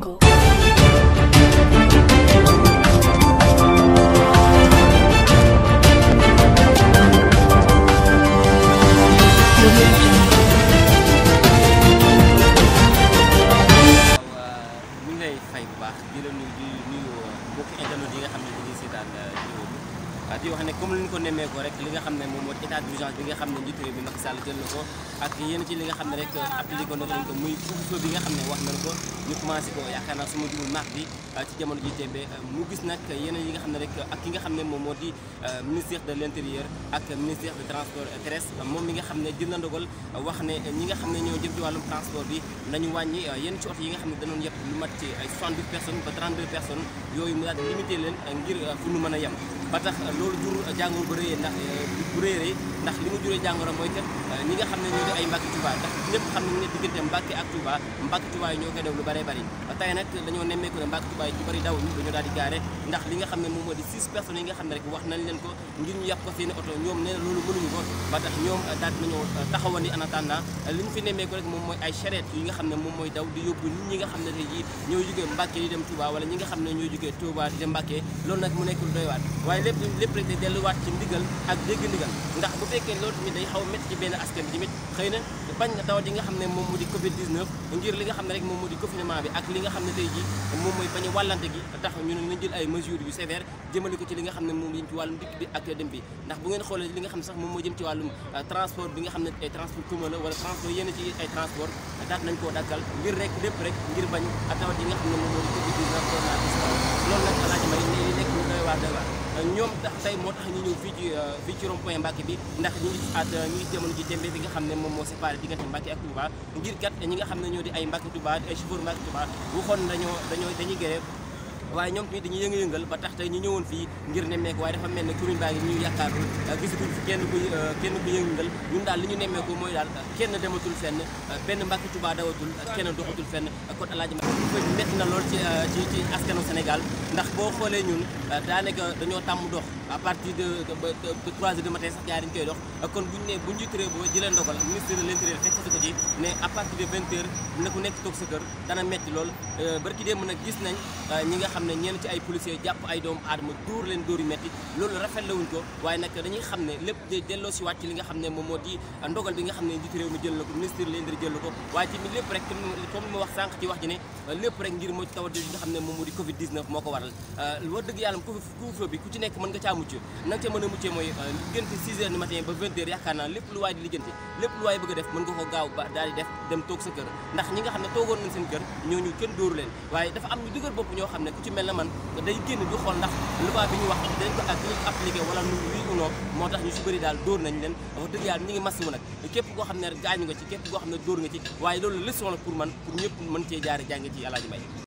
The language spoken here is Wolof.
jungle waaw di wax ne comme luñ ko nemmeekoo rek li nga xam ne moom moo état d'urgence nga xam ne njiitu ak yéen ci li nga xam ne rek appliqué bi nga xam ne wax nañ ko ñu commencé ko yaakaar naa suma jubul mars bi ci jamono ji tembe mu gis nag yenn yi nga xam ne rek ak ki nga xam ne moom moo di euh, ministère de l'intérieur ak ministère de transport terrestre moom mi nga xam ne jël na ndogal wax ne ñi nga xam ne ñoo jëm ci wàllum transport bi nañu wàññi euh, yenn ci oto yi nga xam ne danoon yëpp lu mat ci ay 72 personnes ba 32 personnes yooyu mu leen ngir euh, fu ñu a yem loolu jur jàngoro bu réyee ndax eh, bu réeree ndax li mu juree jàngoro mooy kat eh, ñi nga xam ne ñoo di ay Mbàkke Touba ndax ñëpp xam nañ ne diggante Mbàkke ak Touba Mbàkke ñoo koy daw lu bëree bëri tey nag dañoo nemmeeku ne Mbàkke Touba yi ci bëri daw ñu dañoo daal di li nga xam ne moom moo di six personnes yi nga xam ne rek wax nañ leen ko ngir ñu yàpp ko seen oto ñoom nee na loolu mënuñu ko ba tax ñoom daal nañoo eh, taxawandi mu fi nemmeeku rek moom mooy ay charrette yi nga xam ne moom mooy daw di yóbbu nit ñi nga xam ne tey jii wala ñi nga xam ne ñoo jógee Touba di dem Mbàkke loolu nag mu nekk lu doy waaye lépp lépp rek day delluwaat ci ndigal ak dégg ndigal ndax bu fekkee loolu tamit day xaw a métti ci benn askan bi tamit xëy na bañ na taw nga xam ne moom moo di covid 19 ngir li nga xam ne rek moom moo di confinement bi ak li nga xam ne tey ji moom mooy bañ a wàllante gi tax ne nañ jël ay mesures yu sévères jëmale li nga xam ne moom jëm ci wàllum dikk bi ak dem bi ndax bu ngeen xoolee li nga xam ne sax euh, transport bi nga xam ne ay transport commun la wala transport transport daat rek lépp rek nga xam ne moom loolu nag alaaji ñoom tax tey moo tax ñu ñëw fii ci euh, fii ci rond-point Mbacké bi ndax ñu ngi at euh, ñu ngi ji tembe bi nga xam ne moom moo séparé diggante Mbacké ak Touba ngir kat ñi nga xam ne ñoo di ay Mbacké Touba ay chauffeur Mbacké Touba waxoon dañoo dañoo dañuy grève waaye ñoom tamit dañuy yënga-yëngal ba tax tey ñu ñëwoon fii ngir nemmeeku waaye dafa mel ne commune baa ngi ñu yàqaaru ah, gisaguñ fi kenn ku ah, kenn ku yëngal ñun daal li ñu nemmeeku mooy daal kenn dematul fenn ah, benn mbàkki Tuubaa dawatul kenn doxatul fenn kon alaaji fëj metti na lool ci ci ndax boo xoolee ñun daanaka dañoo tàmm dox à partir de de trois heures du matin sax kon buñu ne bu ñu jiituree boo jëlee ndogal ministre de l'intérieur fekk si ku nekk toog sa kër dana metti lool barki démb nag gis nañ ñi nga xam xam ne ñenn ci ay policiers jàpp ay doomu aadama dóor leen dóor metti loolu rafet lawuñ ko waaye nag dañuy xam ne lépp day delloo si wàcc li nga xam ne moom moo di ndogal bi nga xam ne moom moo di covid moo ko waral euh, wax dëgg yàlla couvre-feu bi ku ci nekk mën nga caa mucc na ca mën a muccee mooy euh, diggante 6 heures du ba 20 heures yaakaar naa lépp lu waay di lijjanti lépp lu waay bëgg a def mën nga ko gaaw daal di def dem toog sa kër mel na man day génn di xool ndax loi bi ñu wax dañ ko ak dañ ko appliqué wala nu wii ou non moo tax ñu si bëri daal dóor nañ leen wax dëgg yàlla ñu ngi massiwu nag képp koo xam ne gaañu nga ci képp koo xam ne dóor nga ci waaye loolu leçon la pour man pour ñëpp mën cee jaare jànge ci Alaaji Mbay